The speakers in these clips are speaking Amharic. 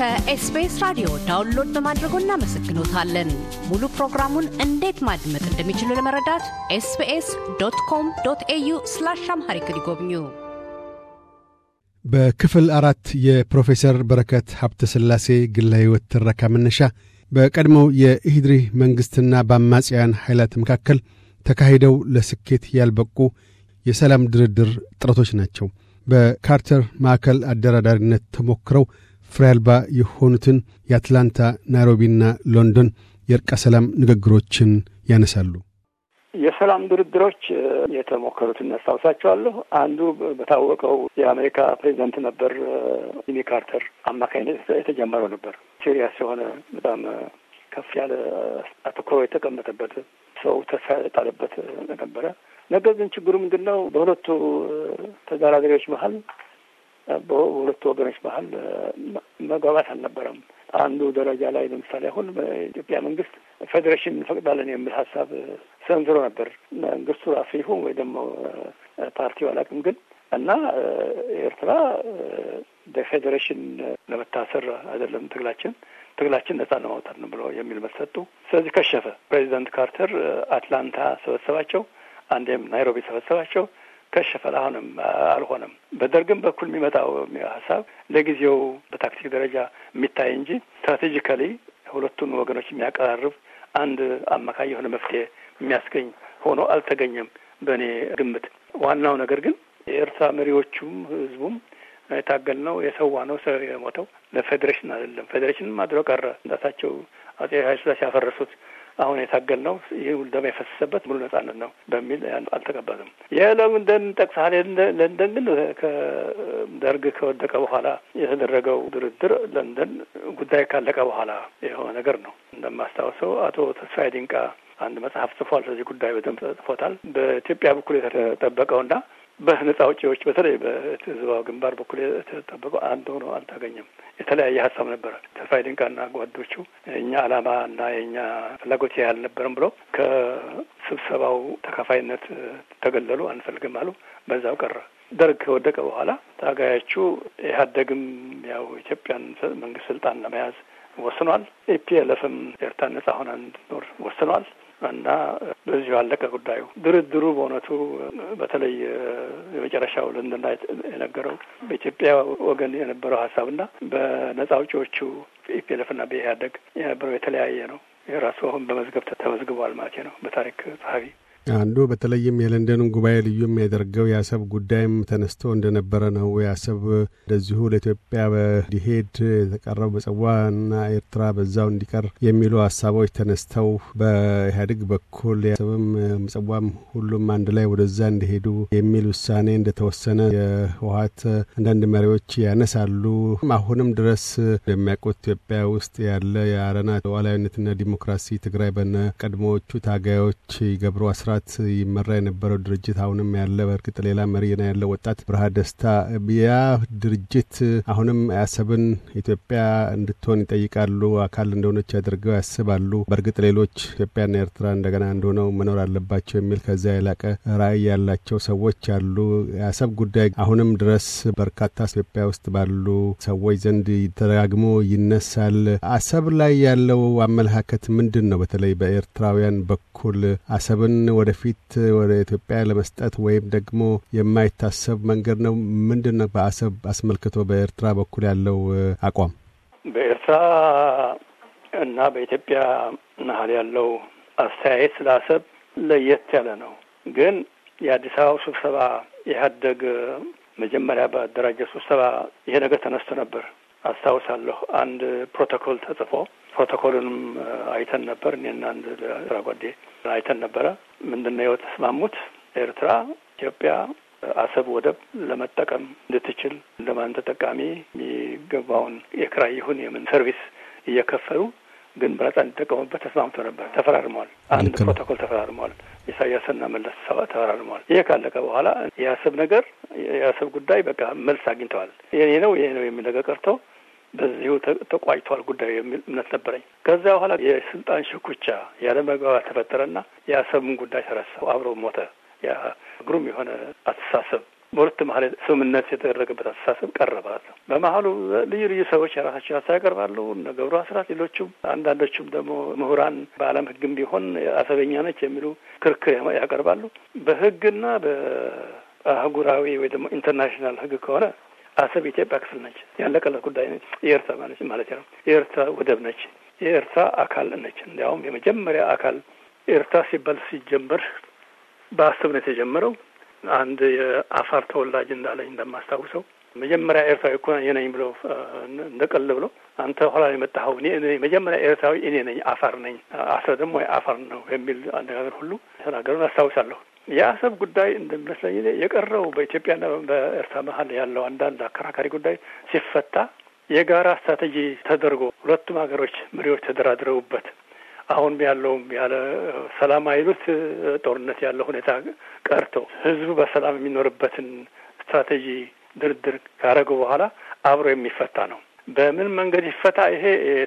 ከኤስቢኤስ ራዲዮ ዳውንሎድ በማድረጎ እናመሰግኖታለን። ሙሉ ፕሮግራሙን እንዴት ማድመጥ እንደሚችሉ ለመረዳት ኤስቢኤስ ዶት ኮም ዶት ኤዩ ስላሽ አምሃሪክ ይጎብኙ። በክፍል አራት የፕሮፌሰር በረከት ሀብተ ስላሴ ግለ ሕይወት ትረካ መነሻ በቀድሞው የኢህድሪ መንግሥትና በአማጽያን ኃይላት መካከል ተካሂደው ለስኬት ያልበቁ የሰላም ድርድር ጥረቶች ናቸው። በካርተር ማዕከል አደራዳሪነት ተሞክረው ፍሬ አልባ የሆኑትን የአትላንታ ናይሮቢና ሎንዶን የእርቀ ሰላም ንግግሮችን ያነሳሉ። የሰላም ድርድሮች የተሞከሩትን እናስታውሳቸዋለሁ። አንዱ በታወቀው የአሜሪካ ፕሬዚደንት ነበር ጂሚ ካርተር አማካኝነት የተጀመረው ነበር። ሲሪያ ሲሆነ በጣም ከፍ ያለ አተኩሮ የተቀመጠበት ሰው ተስፋ የጣለበት ነበረ። ነገር ግን ችግሩ ምንድን ነው? በሁለቱ ተደራዳሪዎች መሀል በሁለቱ ወገኖች መሀል መግባባት አልነበረም። አንዱ ደረጃ ላይ ለምሳሌ አሁን በኢትዮጵያ መንግስት ፌዴሬሽን እንፈቅዳለን የሚል ሀሳብ ሰንዝሮ ነበር መንግስቱ ራሱ ይሁን ወይ ደግሞ ፓርቲው አላውቅም ግን እና ኤርትራ በፌዴሬሽን ለመታሰር አይደለም ትግላችን ትግላችን ነጻ ለማውጣት ነው ብሎ የሚል መሰጡ። ስለዚህ ከሸፈ። ፕሬዚዳንት ካርተር አትላንታ ሰበሰባቸው፣ አንዴም ናይሮቢ ሰበሰባቸው። ከሸፈ አሁንም አልሆነም። በደርግም በኩል የሚመጣው ሀሳብ ለጊዜው በታክቲክ ደረጃ የሚታይ እንጂ ስትራቴጂካሊ ሁለቱን ወገኖች የሚያቀራርብ አንድ አማካይ የሆነ መፍትሄ የሚያስገኝ ሆኖ አልተገኘም በእኔ ግምት። ዋናው ነገር ግን የኤርትራ መሪዎቹም ህዝቡም የታገል ነው የሰዋ ነው ሰው የሞተው ለፌዴሬሽን አይደለም። ፌዴሬሽን አድሮ ቀረ። አጼ ኃይለሥላሴ ያፈረሱት አሁን የታገል ነው ይህ ደም የፈሰሰበት ሙሉ ነጻነት ነው በሚል አልተቀበልም። ይህ ለምንደን ለንደን ግን ከደርግ ከወደቀ በኋላ የተደረገው ድርድር ለንደን ጉዳይ ካለቀ በኋላ የሆነ ነገር ነው። እንደማስታውሰው አቶ ተስፋዬ ድንቃ አንድ መጽሐፍ ጽፏል። ስለዚህ ጉዳይ በደንብ ጽፎታል። በኢትዮጵያ በኩል የተጠበቀውና በነጻ አውጪዎች በተለይ በህዝባዊ ግንባር በኩል የተጠበቀው አንድ ሆኖ አልታገኘም። የተለያየ ሀሳብ ነበረ። ተስፋዬ ድንቃና ጓዶቹ የእኛ አላማ እና የእኛ ፍላጎት ይህ አልነበረም ብሎ ከስብሰባው ተካፋይነት ተገለሉ። አንፈልግም አሉ። በዛው ቀረ። ደርግ ከወደቀ በኋላ ታጋያቹ ኢህአዴግም ያው ኢትዮጵያን መንግስት ስልጣን ለመያዝ ወስኗል። ኢፒኤልኤፍም ኤርትራ ነጻ ሆና እንድትኖር ወስኗል። እና በዚሁ አለቀ ጉዳዩ። ድርድሩ በእውነቱ በተለይ የመጨረሻው ልንድና የነገረው በኢትዮጵያ ወገን የነበረው ሀሳብና በነጻ አውጪዎቹ ኢፒኤልኤፍና በኢህአደግ የነበረው የተለያየ ነው። የራሱ አሁን በመዝገብ ተመዝግቧል ማለት ነው በታሪክ ጸሐፊ አንዱ በተለይም የለንደኑን ጉባኤ ልዩ የሚያደርገው የአሰብ ጉዳይም ተነስቶ እንደነበረ ነው። የአሰብ እንደዚሁ ለኢትዮጵያ እንዲሄድ የተቀረው ምጽዋና ኤርትራ በዛው እንዲቀር የሚሉ ሀሳቦች ተነስተው በኢህአዴግ በኩል የአሰብም ምጽዋም ሁሉም አንድ ላይ ወደዛ እንዲሄዱ የሚል ውሳኔ እንደተወሰነ የህወሀት አንዳንድ መሪዎች ያነሳሉ። አሁንም ድረስ የሚያውቁት ኢትዮጵያ ውስጥ ያለ የአረና ሉዓላዊነትና ዲሞክራሲ ትግራይ በነ ቀድሞዎቹ ታጋዮች ገብሩ አስራ በህወሓት ይመራ የነበረው ድርጅት አሁንም ያለ በእርግጥ ሌላ መሪ ነው ያለው ወጣት ብርሃ ደስታ ያ ድርጅት አሁንም አሰብን ኢትዮጵያ እንድትሆን ይጠይቃሉ። አካል እንደሆነች ያደርገው ያስባሉ። በእርግጥ ሌሎች ኢትዮጵያና ኤርትራ እንደገና እንደሆነው መኖር አለባቸው የሚል ከዚያ የላቀ ራእይ ያላቸው ሰዎች አሉ። የአሰብ ጉዳይ አሁንም ድረስ በርካታ ኢትዮጵያ ውስጥ ባሉ ሰዎች ዘንድ ተደጋግሞ ይነሳል። አሰብ ላይ ያለው አመለካከት ምንድን ነው? በተለይ በኤርትራውያን በኩል አሰብን ወደ ወደፊት ወደ ኢትዮጵያ ለመስጠት ወይም ደግሞ የማይታሰብ መንገድ ነው? ምንድን ነው በአሰብ አስመልክቶ በኤርትራ በኩል ያለው አቋም? በኤርትራ እና በኢትዮጵያ መሀል ያለው አስተያየት ስለ አሰብ ለየት ያለ ነው። ግን የአዲስ አበባው ስብሰባ ኢህአዴግ መጀመሪያ ባደራጀው ስብሰባ ይሄ ነገር ተነስቶ ነበር አስታውሳለሁ። አንድ ፕሮቶኮል ተጽፎ ፕሮቶኮሉንም አይተን ነበር እኔና አንድ ስራ ጓዴ አይተን ነበረ። ምንድን ነው የተስማሙት? ኤርትራ ኢትዮጵያ አሰብ ወደብ ለመጠቀም እንድትችል ለማን ተጠቃሚ የሚገባውን የክራይ ይሁን የምን ሰርቪስ እየከፈሉ ግን በነጻ እንዲጠቀሙበት ተስማምቶ ነበር። ተፈራርመዋል። አንድ ፕሮቶኮል ተፈራርመዋል። ኢሳያስና መለስ ተፈራርመዋል። ይሄ ካለቀ በኋላ የአሰብ ነገር የአሰብ ጉዳይ በቃ መልስ አግኝተዋል። የኔ ነው ይሄ ነው የሚል ነገር በዚሁ ተቋጭቷል ጉዳዩ የሚል እምነት ነበረኝ። ከዚያ በኋላ የስልጣን ሽኩቻ ያለመግባባት ተፈጠረና የአሰብን ጉዳይ ተረሳ፣ አብሮ ሞተ። ያ ግሩም የሆነ አስተሳሰብ በሁለት መሀል ስምምነት የተደረገበት አስተሳሰብ ቀረ ነው። በመሀሉ ልዩ ልዩ ሰዎች የራሳቸው ሀሳብ ያቀርባሉ። እነ ገብሩ አስራት፣ ሌሎቹም አንዳንዶቹም ደግሞ ምሁራን በዓለም ሕግም ቢሆን አሰበኛ ነች የሚሉ ክርክር ያቀርባሉ። በሕግና በአህጉራዊ ወይ ደግሞ ኢንተርናሽናል ሕግ ከሆነ አሰብ የኢትዮጵያ ክፍል ነች። ያለቀለት ጉዳይ ነች። የኤርትራ ማለች ማለት ነው። የኤርትራ ወደብ ነች። የኤርትራ አካል ነች። እንዲያውም የመጀመሪያ አካል ኤርትራ ሲባል ሲጀመር በአሰብ ነው የተጀመረው። አንድ የአፋር ተወላጅ እንዳለኝ እንደማስታውሰው መጀመሪያ ኤርትራዊ እኮ የነኝ ብሎ እንደቀል ብሎ አንተ ኋላ የመጣኸው እኔ መጀመሪያ ኤርትራዊ እኔ ነኝ፣ አፋር ነኝ፣ አስረ ደግሞ አፋር ነው የሚል አነጋገር ሁሉ ተናገሩን አስታውሳለሁ። የአሰብ ጉዳይ እንደሚመስለኝ የቀረው በኢትዮጵያና በኤርትራ መሀል ያለው አንዳንድ አከራካሪ ጉዳይ ሲፈታ የጋራ ስትራቴጂ ተደርጎ ሁለቱም ሀገሮች መሪዎች ተደራድረውበት አሁን ያለውም ያለ ሰላም አይሉት ጦርነት ያለው ሁኔታ ቀርቶ ህዝቡ በሰላም የሚኖርበትን ስትራቴጂ ድርድር ካደረጉ በኋላ አብሮ የሚፈታ ነው። በምን መንገድ ይፈታ? ይሄ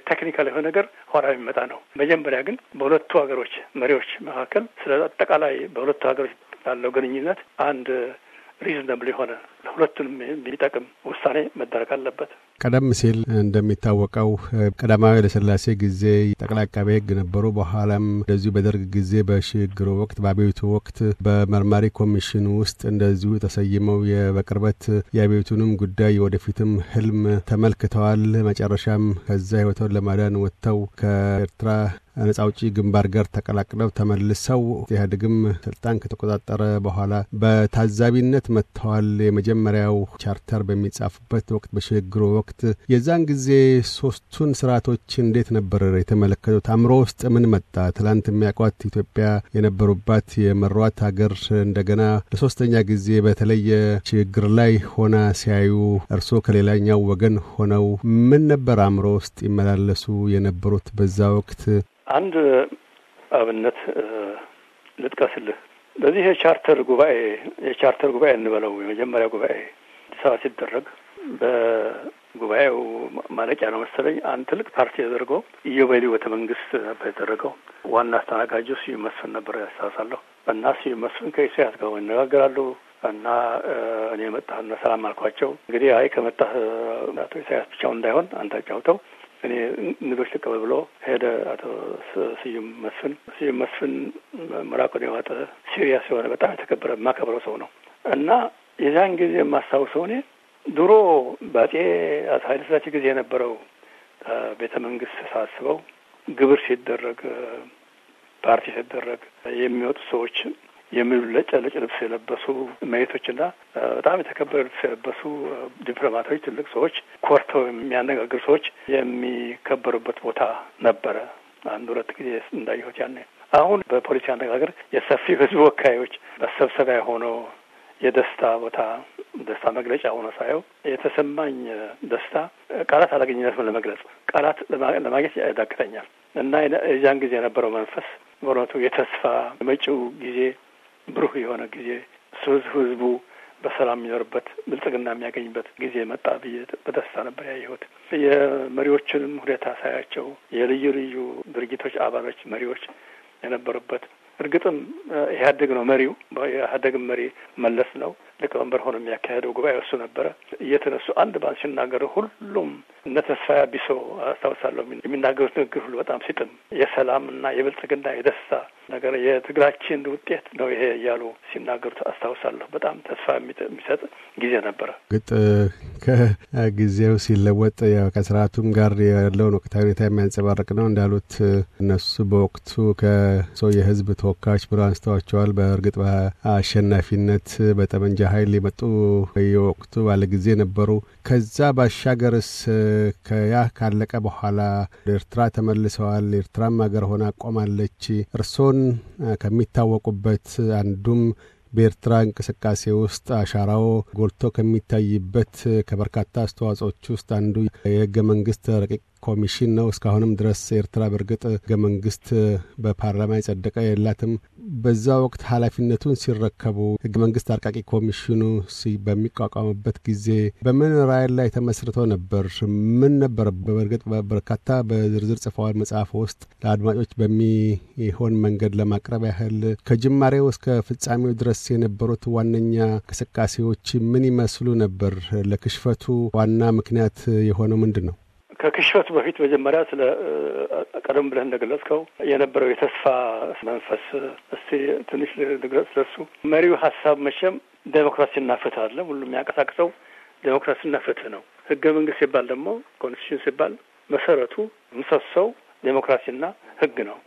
ቴክኒካል የሆነ ነገር ኋላ የሚመጣ ነው። መጀመሪያ ግን በሁለቱ ሀገሮች መሪዎች መካከል ስለ አጠቃላይ በሁለቱ ሀገሮች ላለው ግንኙነት አንድ ሪዝነብል የሆነ ለሁለቱንም የሚጠቅም ውሳኔ መደረግ አለበት። ቀደም ሲል እንደሚታወቀው ቀዳማዊ ኃይለሥላሴ ጊዜ ጠቅላይ አቃቤ ሕግ ነበሩ። በኋላም እንደዚሁ በደርግ ጊዜ በሽግግሩ ወቅት በአብዮቱ ወቅት በመርማሪ ኮሚሽን ውስጥ እንደዚሁ ተሰይመው በቅርበት የአብዮቱንም ጉዳይ ወደፊትም ህልም ተመልክተዋል። መጨረሻም ከዛ ህይወተውን ለማዳን ወጥተው ከኤርትራ ነጻ አውጪ ግንባር ጋር ተቀላቅለው ተመልሰው ኢህአዴግም ስልጣን ከተቆጣጠረ በኋላ በታዛቢነት መጥተዋል። የመጀመሪያው ቻርተር በሚጻፍበት ወቅት በሽግግሩ ወቅት የዛን ጊዜ ሶስቱን ስርዓቶች እንዴት ነበር የተመለከቱት? አእምሮ ውስጥ ምን መጣ? ትላንት የሚያውቋት ኢትዮጵያ የነበሩባት የመሯት ሀገር እንደገና ለሶስተኛ ጊዜ በተለየ ችግር ላይ ሆና ሲያዩ እርስዎ ከሌላኛው ወገን ሆነው ምን ነበር አእምሮ ውስጥ ይመላለሱ የነበሩት በዛ ወቅት? አንድ አብነት ልጥቀስልህ። በዚህ የቻርተር ጉባኤ የቻርተር ጉባኤ እንበለው የመጀመሪያ ጉባኤ አዲስ አበባ ሲደረግ በጉባኤው ማለቂያ ነው መሰለኝ አንድ ትልቅ ፓርቲ ተደርገው ኢዮቤልዩ ቤተ መንግስት ነበር የተደረገው። ዋና አስተናጋጁ ስዩም መስፍን ነበር ያስታውሳለሁ። እና ስዩም መስፍን ከኢሳያስ ጋር ይነጋገራሉ እና እኔ መጣህና ሰላም አልኳቸው። እንግዲህ አይ ከመጣህ አቶ ኢሳያስ ብቻውን እንዳይሆን አንተ አጫውተው እኔ እንግዶች ልቀበል ብሎ ሄደ። አቶ ስዩም መስፍን ስዩም መስፍን ምራቁን የዋጠ ሲሪያ ሲሆነ በጣም የተከበረ የማከብረው ሰው ነው እና የዛን ጊዜ የማስታውሰው እኔ ድሮ በአፄ ኃይለ ሥላሴ ጊዜ የነበረው ቤተ መንግስት ሳስበው ግብር ሲደረግ ፓርቲ ሲደረግ የሚወጡ ሰዎች የሚብለጨለጭ ልብስ የለበሱ መሬቶችና በጣም የተከበረ ልብስ የለበሱ ዲፕሎማቶች፣ ትልቅ ሰዎች፣ ኮርተው የሚያነጋግሩ ሰዎች የሚከበሩበት ቦታ ነበረ። አንድ ሁለት ጊዜ እንዳየሁት ያኔ። አሁን በፖሊሲ አነጋገር የሰፊ ህዝብ ወካዮች መሰብሰቢያ ሆኖ የደስታ ቦታ ደስታ መግለጫ ሆኖ ሳየው የተሰማኝ ደስታ ቃላት አላገኝነት ለመግለጽ ቃላት ለማግኘት ያዳግተኛል እና የዚያን ጊዜ የነበረው መንፈስ በእውነቱ የተስፋ መጪው ጊዜ ብሩህ የሆነ ጊዜ ህዝብ ህዝቡ በሰላም የሚኖርበት ብልጽግና የሚያገኝበት ጊዜ መጣ ብዬ በደስታ ነበር ያየሁት። የመሪዎችንም ሁኔታ ሳያቸው የልዩ ልዩ ድርጅቶች አባሎች መሪዎች የነበሩበት እርግጥም ኢህአዴግ ነው መሪው። ኢህአዴግም መሪ መለስ ነው። ሊቀመንበር ሆኖ የሚያካሄደው ጉባኤ እሱ ነበረ። እየተነሱ አንድ ባንድ ሲናገሩ ሁሉም እነ ተስፋዬ አቢሶ አስታውሳለሁ የሚናገሩት ንግግር ሁሉ በጣም ሲጥም የሰላምና የብልጽግና የደስታ ነገር የትግራችን ውጤት ነው ይሄ እያሉ ሲናገሩት አስታውሳለሁ። በጣም ተስፋ የሚሰጥ ጊዜ ነበረ። ግጥ ከጊዜው ሲለወጥ ከስርዓቱም ጋር ያለውን ወቅታዊ ሁኔታ የሚያንጸባርቅ ነው እንዳሉት እነሱ በወቅቱ ከሰው የህዝብ ተወካዮች ብሎ አንስተዋቸዋል። በእርግጥ በአሸናፊነት በጠመንጃ ኃይል የመጡ የወቅቱ ባለጊዜ ነበሩ። ከዛ ባሻገርስ ከያ ካለቀ በኋላ ወደ ኤርትራ ተመልሰዋል። ኤርትራም ሀገር ሆና ቆማለች። እርሶን ከሚታወቁበት አንዱም በኤርትራ እንቅስቃሴ ውስጥ አሻራው ጎልቶ ከሚታይበት ከበርካታ አስተዋጽኦች ውስጥ አንዱ የህገ መንግስት ረቂቅ ኮሚሽን ነው። እስካሁንም ድረስ ኤርትራ በእርግጥ ህገ መንግስት በፓርላማ የጸደቀ የላትም። በዛ ወቅት ኃላፊነቱን ሲረከቡ ህገ መንግስት አርቃቂ ኮሚሽኑ በሚቋቋምበት ጊዜ በምን ራዕይ ላይ ተመስርቶ ነበር? ምን ነበር? በእርግጥ በርካታ በዝርዝር ጽፈዋል መጽሐፍ ውስጥ ለአድማጮች በሚሆን መንገድ ለማቅረብ ያህል ከጅማሬው እስከ ፍጻሜው ድረስ የነበሩት ዋነኛ እንቅስቃሴዎች ምን ይመስሉ ነበር? ለክሽፈቱ ዋና ምክንያት የሆነው ምንድን ነው? ከክሽፈቱ በፊት መጀመሪያ ስለ ቀደም ብለህ እንደገለጽከው የነበረው የተስፋ መንፈስ እስቲ ትንሽ ልግለጽ ስለሱ። መሪው ሀሳብ መቼም ዴሞክራሲና ፍትህ አለ። ሁሉም የሚያንቀሳቅሰው ዴሞክራሲና ፍትህ ነው። ህገ መንግስት ሲባል ደግሞ ኮንስቲቱሽን ሲባል መሰረቱ ምሰሶው ዴሞክራሲና ህግ ነው።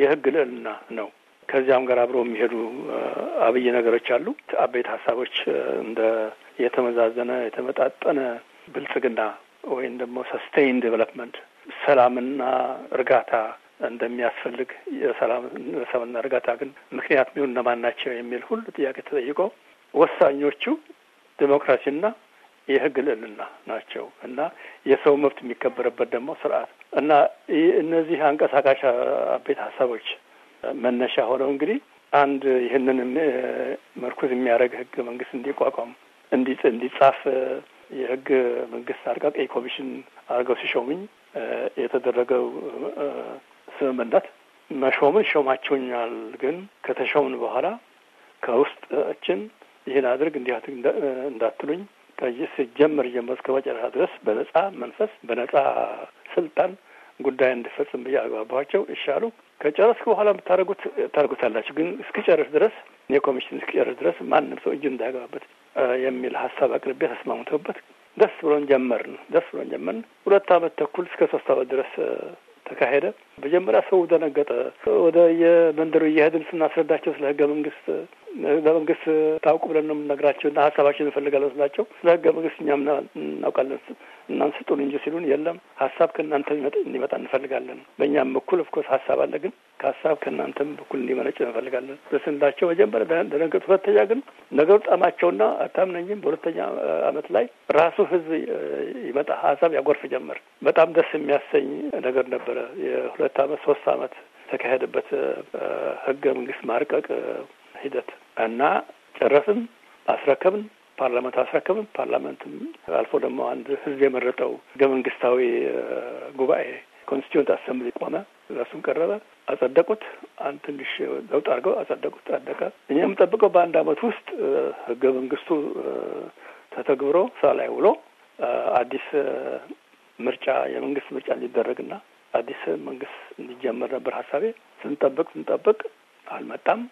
የህግ ልዕልና ነው። ከዚያም ጋር አብረው የሚሄዱ አብይ ነገሮች አሉ። አበይት ሀሳቦች እንደ የተመዛዘነ የተመጣጠነ ብልጽግና ወይም ደግሞ ሰስቴን ዴቨሎፕመንት ሰላምና እርጋታ እንደሚያስፈልግ የሰላም እርጋታ ግን ምክንያት ሚሆን እነማን ናቸው የሚል ሁሉ ጥያቄ ተጠይቆ ወሳኞቹ ዴሞክራሲና የህግ ልዕልና ናቸው እና የሰው መብት የሚከበርበት ደግሞ ስርዓት እና እነዚህ አንቀሳቃሽ አቤት ሀሳቦች መነሻ ሆነው እንግዲህ አንድ ይህንን መርኩዝ የሚያደርግ ህገ መንግስት እንዲቋቋም እንዲጻፍ የህግ መንግስት አርቃቂ ኮሚሽን አድርገው ሲሾሙኝ የተደረገው ስምምነት መሾምን ሾማቸውኛል፣ ግን ከተሾምን በኋላ ከውስጣችን ይህን አድርግ እንዲህ እንዳትሉኝ ሲጀመር ጀምሮ እስከ መጨረሻ ድረስ በነጻ መንፈስ በነጻ ስልጣን ጉዳይ እንድፈጽም ብዬ አግባባቸው። ይሻሉ ከጨረስኩ በኋላ የምታደርጉት ታደርጉታላችሁ፣ ግን እስኪጨርስ ድረስ የኮሚሽን እስኪጨርስ ድረስ ማንም ሰው እጅ እንዳያገባበት የሚል ሀሳብ አቅርቤ ተስማምተውበት ደስ ብሎን ጀመርን። ደስ ብሎን ጀመርን። ሁለት አመት ተኩል እስከ ሶስት አመት ድረስ ተካሄደ። መጀመሪያ ሰው ደነገጠ። ወደ የመንደሩ እየሄድን ስናስረዳቸው ስለ ህገ መንግስት በመንግስት ታውቁ ብለን ነው የምነግራቸው እና ሀሳባቸው እንፈልጋለን ስላቸው ስለ ህገ መንግስት እኛም እናውቃለን እናን ስጡን እንጂ ሲሉን የለም ሀሳብ ከእናንተ እንዲመጣ እንፈልጋለን። በእኛም በኩል ኦፍኮርስ ሀሳብ አለ ግን ከሀሳብ ከእናንተም በኩል እንዲመነጭ እንፈልጋለን በስንላቸው መጀመሪያ ደነገጡ። ሁለተኛ ግን ነገሩ ጣማቸውና አታምነኝም። በሁለተኛ አመት ላይ ራሱ ህዝብ ይመጣ ሀሳብ ያጎርፍ ጀመር። በጣም ደስ የሚያሰኝ ነገር ነበረ። የሁለት አመት ሶስት አመት የተካሄደበት ህገ መንግስት ማርቀቅ ሂደት እና ጨረስን፣ አስረከብን ፓርላመንት አስረከብን። ፓርላመንትም አልፎ ደግሞ አንድ ህዝብ የመረጠው ህገ መንግስታዊ ጉባኤ ኮንስቲቱንት አሰምብሊ ቆመ። እሱን ቀረበ፣ አጸደቁት። አንድ ትንሽ ለውጥ አድርገው አጸደቁት፣ ጸደቀ። እኛ የምጠብቀው በአንድ አመት ውስጥ ህገ መንግስቱ ተተግብሮ ስራ ላይ ውሎ አዲስ ምርጫ የመንግስት ምርጫ እንዲደረግና አዲስ መንግስት እንዲጀመር ነበር ሀሳቤ። ስንጠብቅ ስንጠብቅ አልመጣም።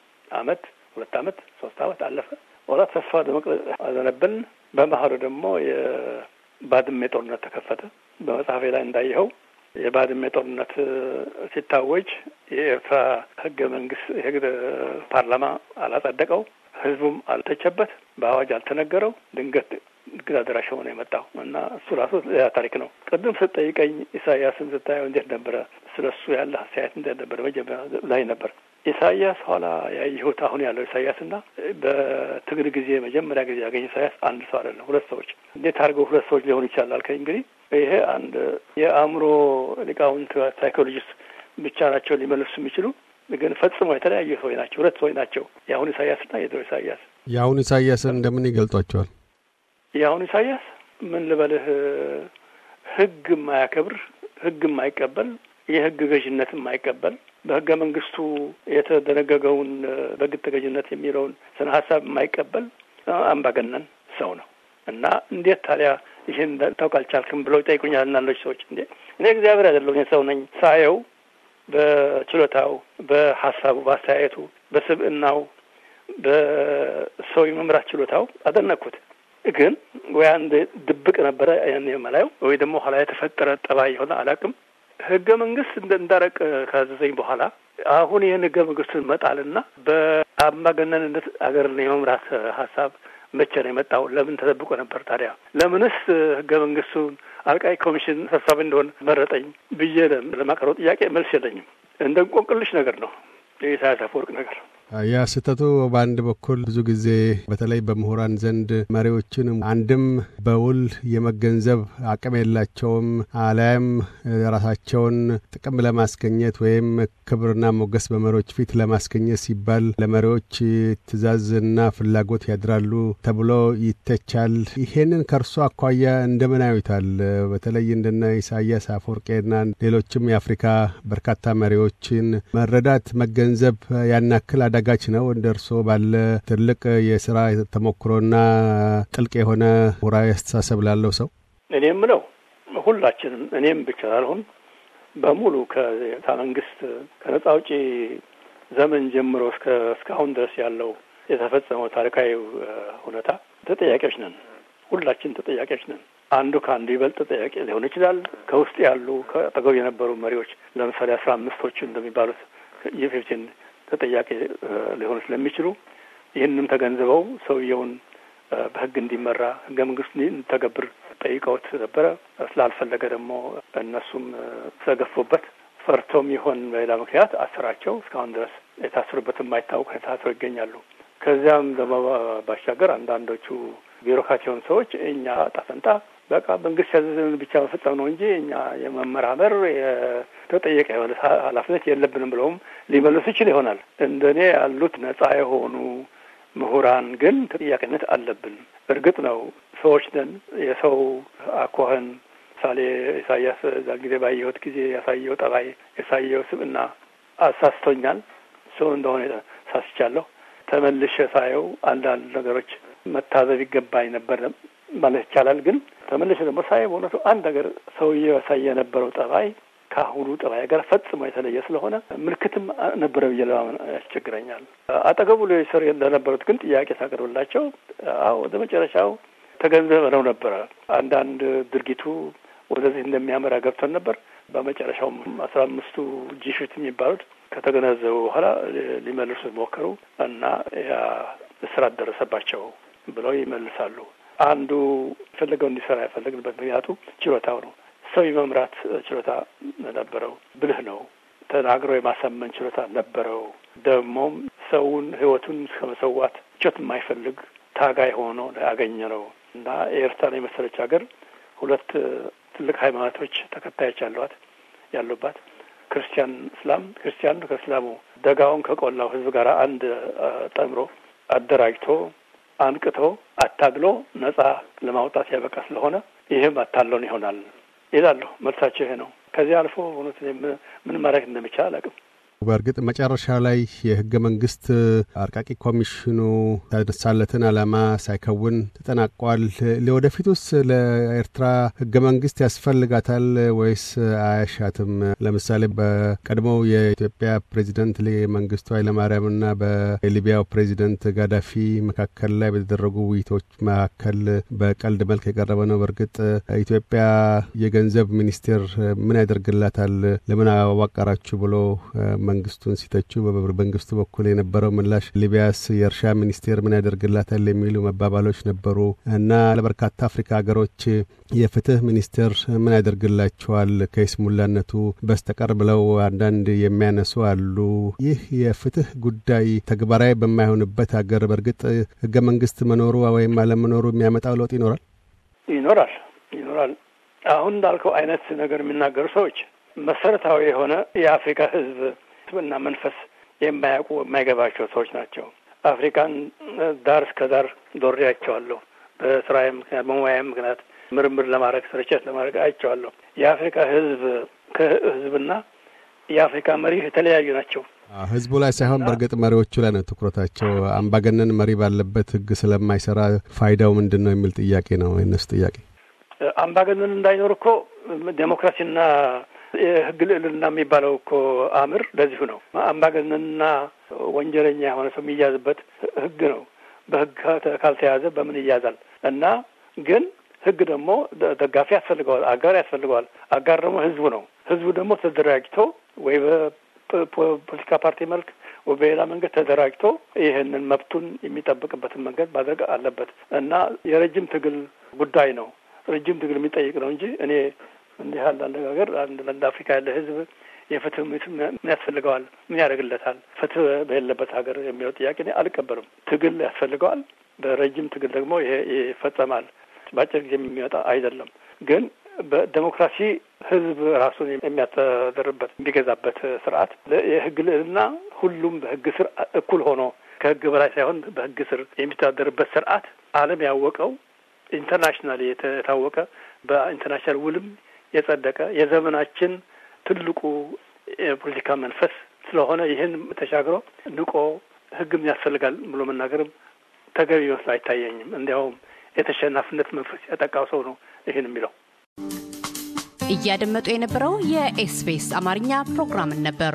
አመት፣ ሁለት አመት፣ ሶስት አመት አለፈ። ወራት ተስፋ ለመቅረጽ አዘነብን። በመሀሉ ደግሞ የባድሜ ጦርነት ተከፈተ። በመጽሐፌ ላይ እንዳየኸው የባድመ ጦርነት ሲታወጅ የኤርትራ ህገ መንግስት ህግ ፓርላማ አላጸደቀው፣ ህዝቡም አልተቸበት፣ በአዋጅ አልተነገረው። ድንገት ግዛ ደራሽ ሆነ የመጣው እና እሱ ራሱ ሌላ ታሪክ ነው። ቅድም ስጠይቀኝ ኢሳያስን ስታየው እንዴት ነበረ? ስለ እሱ ያለ አስተያየት እንዴት ነበረ? መጀመሪያ ላይ ነበር ኢሳያስ ኋላ ያየሁት አሁን ያለው ኢሳያስ እና በትግል ጊዜ መጀመሪያ ጊዜ ያገኘ ኢሳያስ አንድ ሰው አይደለም፣ ሁለት ሰዎች። እንዴት አድርገው ሁለት ሰዎች ሊሆኑ ይቻላል አልከኝ። ይሄ አንድ የአእምሮ ሊቃውንት ሳይኮሎጂስት ብቻ ናቸው ሊመልሱ የሚችሉ ግን ፈጽሞ የተለያዩ ሰዎች ናቸው። ሁለት ሰዎች ናቸው። የአሁኑ ኢሳያስና የድሮ ኢሳያስ። የአሁኑ ኢሳያስን እንደምን ይገልጧቸዋል? የአሁኑ ኢሳያስ ምን ልበልህ፣ ህግ የማያከብር ህግ የማይቀበል የህግ ገዥነት የማይቀበል በህገ መንግስቱ የተደነገገውን በግድ ተገዥነት የሚለውን ስነ ሀሳብ የማይቀበል አምባገነን ሰው ነው እና እንዴት ታዲያ ይህን ታውቅ አልቻልክም ብለው ይጠይቁኛል አንዳንዶች ሰዎች። እንዴ እኔ እግዚአብሔር አይደለሁኝ ሰው ነኝ። ሳየው በችሎታው፣ በሀሳቡ፣ በአስተያየቱ፣ በስብእናው፣ በሰው የመምራት ችሎታው አደነኩት። ግን ወይ አንድ ድብቅ ነበረ ያኔ የመላየው ወይ ደግሞ ኋላ የተፈጠረ ጠባይ የሆነ አላውቅም። ህገ መንግስት እንዳረቅ ካዘዘኝ በኋላ አሁን ይህን ህገ መንግስት መጣልና በአምባገነንነት አገርን የመምራት ሀሳብ መቼ ነው የመጣው? ለምን ተጠብቆ ነበር ታዲያ? ለምንስ ህገ መንግስቱ አርቃይ ኮሚሽን ሰብሳቢ እንደሆን መረጠኝ ብዬ ለማቀረው ጥያቄ መልስ የለኝም። እንደ እንቆቅልሽ ነገር ነው የኢሳያስ አፈወርቅ ነገር ያ ስህተቱ በአንድ በኩል ብዙ ጊዜ በተለይ በምሁራን ዘንድ መሪዎችን አንድም በውል የመገንዘብ አቅም የላቸውም፣ አሊያም ራሳቸውን ጥቅም ለማስገኘት ወይም ክብርና ሞገስ በመሪዎች ፊት ለማስገኘት ሲባል ለመሪዎች ትእዛዝና ፍላጎት ያድራሉ ተብሎ ይተቻል። ይሄንን ከእርሶ አኳያ እንደምን አዩታል? በተለይ እንደነ ኢሳያስ አፈወርቄና ሌሎችም የአፍሪካ በርካታ መሪዎችን መረዳት መገንዘብ ያናክል አዳጋች ነው። እንደ እርስዎ ባለ ትልቅ የስራ ተሞክሮና ጥልቅ የሆነ ሁራዊ አስተሳሰብ ላለው ሰው እኔም ነው ሁላችንም እኔም ብቻ ላልሆን በሙሉ ከታ መንግስት ከነጻ አውጪ ዘመን ጀምሮ እስከ እስካሁን ድረስ ያለው የተፈጸመው ታሪካዊ ሁኔታ ተጠያቂዎች ነን። ሁላችን ተጠያቂዎች ነን። አንዱ ከአንዱ ይበልጥ ተጠያቂ ሊሆን ይችላል። ከውስጥ ያሉ ከጠገብ የነበሩ መሪዎች ለምሳሌ አስራ አምስቶቹ እንደሚባሉት የፊፍቲን ተጠያቂ ሊሆኑ ስለሚችሉ ይህንንም ተገንዝበው ሰውየውን በህግ እንዲመራ ህገ መንግስት እንዲተገብር ጠይቀውት ነበረ። ስላልፈለገ ደግሞ እነሱም ስለገፉበት ፈርቶም ይሆን በሌላ ምክንያት አስራቸው እስካሁን ድረስ የታስሩበት የማይታወቅ ሁኔታ ታስረው ይገኛሉ። ከዚያም ደግሞ ባሻገር አንዳንዶቹ ቢሮክራት የሆኑ ሰዎች እኛ ጣፈንጣ በቃ መንግስት ያዘዘን ብቻ መፈጸም ነው እንጂ እኛ የመመራመር ተጠየቀ የሆነ ኃላፊነት የለብንም ብለውም ሊመልሱ ይችል ይሆናል። እንደኔ ያሉት ነጻ የሆኑ ምሁራን ግን ተጠያቂነት አለብን። እርግጥ ነው ሰዎች ነን። የሰው አኳህን ምሳሌ ኢሳያስ እዛን ጊዜ ባየሁት ጊዜ ያሳየው ጠባይ ያሳየው ስብና አሳስቶኛል። ሰው እንደሆነ ሳስቻለሁ። ተመልሼ ሳየው አንዳንድ ነገሮች መታዘብ ይገባኝ ነበር ማለት ይቻላል ግን ተመልሼ ደግሞ ሳይ በእውነቱ አንድ ሀገር ሰውዬ ያሳየ የነበረው ጠባይ ከአሁኑ ጠባይ ጋር ፈጽሞ የተለየ ስለሆነ ምልክትም ነበረ ብዬ ለማመን ያስቸግረኛል። አጠገቡ ስር ለነበሩት ግን ጥያቄ ሳቀርብላቸው፣ አዎ ወደ መጨረሻው ተገንዘበ ነው ነበረ። አንዳንድ ድርጊቱ ወደዚህ እንደሚያመራ ገብተን ነበር። በመጨረሻውም አስራ አምስቱ ጂሽት የሚባሉት ከተገነዘቡ በኋላ ሊመልሱ ሞከሩ እና ያ እስራት ደረሰባቸው ብለው ይመልሳሉ። አንዱ ፈለገው እንዲሰራ ያፈለግበት ምክንያቱ ችሎታው ነው። ሰው የመምራት ችሎታ ነበረው፣ ብልህ ነው። ተናግሮ የማሳመን ችሎታ ነበረው። ደግሞም ሰውን ህይወቱን እስከ መሰዋት እቾት የማይፈልግ ታጋይ ሆኖ ያገኘ ነው እና የኤርትራን የመሰለች ሀገር ሁለት ትልቅ ሃይማኖቶች ተከታዮች ያሏት ያሉባት ክርስቲያን፣ እስላም ክርስቲያን ከእስላሙ ደጋውን ከቆላው ህዝብ ጋር አንድ ጠምሮ አደራጅቶ አንቅቶ አታግሎ ነጻ ለማውጣት ያበቃ ስለሆነ ይህም አታለን ይሆናል ይላለሁ። መልሳቸው ይሄ ነው። ከዚህ አልፎ እውነት ምን ማድረግ እንደሚቻል አቅም በእርግጥ መጨረሻ ላይ የህገ መንግስት አርቃቂ ኮሚሽኑ ያነሳለትን ዓላማ ሳይከውን ተጠናቋል። ለወደፊቱስ ለኤርትራ ህገ መንግስት ያስፈልጋታል ወይስ አያሻትም? ለምሳሌ በቀድሞው የኢትዮጵያ ፕሬዚደንት መንግስቱ ኃይለማርያምና በሊቢያው ፕሬዚደንት ጋዳፊ መካከል ላይ በተደረጉ ውይይቶች መካከል በቀልድ መልክ የቀረበ ነው። በእርግጥ ኢትዮጵያ የገንዘብ ሚኒስቴር ምን ያደርግላታል ለምን አዋቀራችሁ ብሎ መንግስቱን ሲተቹ መንግስቱ በኩል የነበረው ምላሽ ሊቢያስ የእርሻ ሚኒስቴር ምን ያደርግላታል የሚሉ መባባሎች ነበሩ እና ለበርካታ አፍሪካ ሀገሮች የፍትህ ሚኒስቴር ምን ያደርግላቸዋል ከይስሙላነቱ በስተቀር ብለው አንዳንድ የሚያነሱ አሉ። ይህ የፍትህ ጉዳይ ተግባራዊ በማይሆንበት ሀገር በእርግጥ ህገ መንግስት መኖሩ ወይም አለመኖሩ የሚያመጣው ለውጥ ይኖራል ይኖራል ይኖራል። አሁን እንዳልከው አይነት ነገር የሚናገሩ ሰዎች መሰረታዊ የሆነ የአፍሪካ ህዝብ ሕክምና መንፈስ የማያውቁ የማይገባቸው ሰዎች ናቸው። አፍሪካን ዳር እስከ ዳር ዶሬያቸዋለሁ። በስራዬ ምክንያት በሙያዬ ምክንያት ምርምር ለማድረግ ስርጭት ለማድረግ አይቸዋለሁ። የአፍሪካ ህዝብ ከህዝብና የአፍሪካ መሪ የተለያዩ ናቸው። ህዝቡ ላይ ሳይሆን በእርግጥ መሪዎቹ ላይ ነው ትኩረታቸው። አምባገነን መሪ ባለበት ህግ ስለማይሰራ ፋይዳው ምንድን ነው የሚል ጥያቄ ነው የነሱ ጥያቄ። አምባገነን እንዳይኖር እኮ ዴሞክራሲና የህግ ልዕልና የሚባለው እኮ አምር ለዚሁ ነው። አምባገነንና ወንጀለኛ የሆነ ሰው የሚያዝበት ህግ ነው። በህግ ካልተያዘ በምን ይያዛል? እና ግን ህግ ደግሞ ደጋፊ ያስፈልገዋል፣ አጋር ያስፈልገዋል። አጋር ደግሞ ህዝቡ ነው። ህዝቡ ደግሞ ተደራጅቶ ወይ በፖለቲካ ፓርቲ መልክ ወይ በሌላ መንገድ ተደራጅቶ ይህንን መብቱን የሚጠብቅበትን መንገድ ማድረግ አለበት እና የረጅም ትግል ጉዳይ ነው። ረጅም ትግል የሚጠይቅ ነው እንጂ እኔ እንዲህ ያለ አነጋገር አንድ መላ አፍሪካ ያለ ህዝብ የፍትህ ምን ያስፈልገዋል? ምን ያደርግለታል? ፍትህ በሌለበት ሀገር የሚለው ጥያቄ እኔ አልቀበልም። ትግል ያስፈልገዋል። በረጅም ትግል ደግሞ ይሄ ይፈጸማል። በአጭር ጊዜ የሚመጣ አይደለም። ግን በዴሞክራሲ ህዝብ ራሱን የሚያስተዳድርበት የሚገዛበት ስርዓት የህግ ልዕልና ሁሉም በህግ ስር እኩል ሆኖ ከህግ በላይ ሳይሆን በህግ ስር የሚተዳደርበት ስርዓት ዓለም ያወቀው ኢንተርናሽናል የታወቀ በኢንተርናሽናል ውልም የጸደቀ የዘመናችን ትልቁ የፖለቲካ መንፈስ ስለሆነ ይህን ተሻግሮ ንቆ ህግም ያስፈልጋል ብሎ መናገርም ተገቢ መስሎ አይታየኝም። እንዲያውም የተሸናፊነት መንፈስ ያጠቃው ሰው ነው ይህን የሚለው። እያደመጡ የነበረው የኤስቢኤስ አማርኛ ፕሮግራምን ነበር።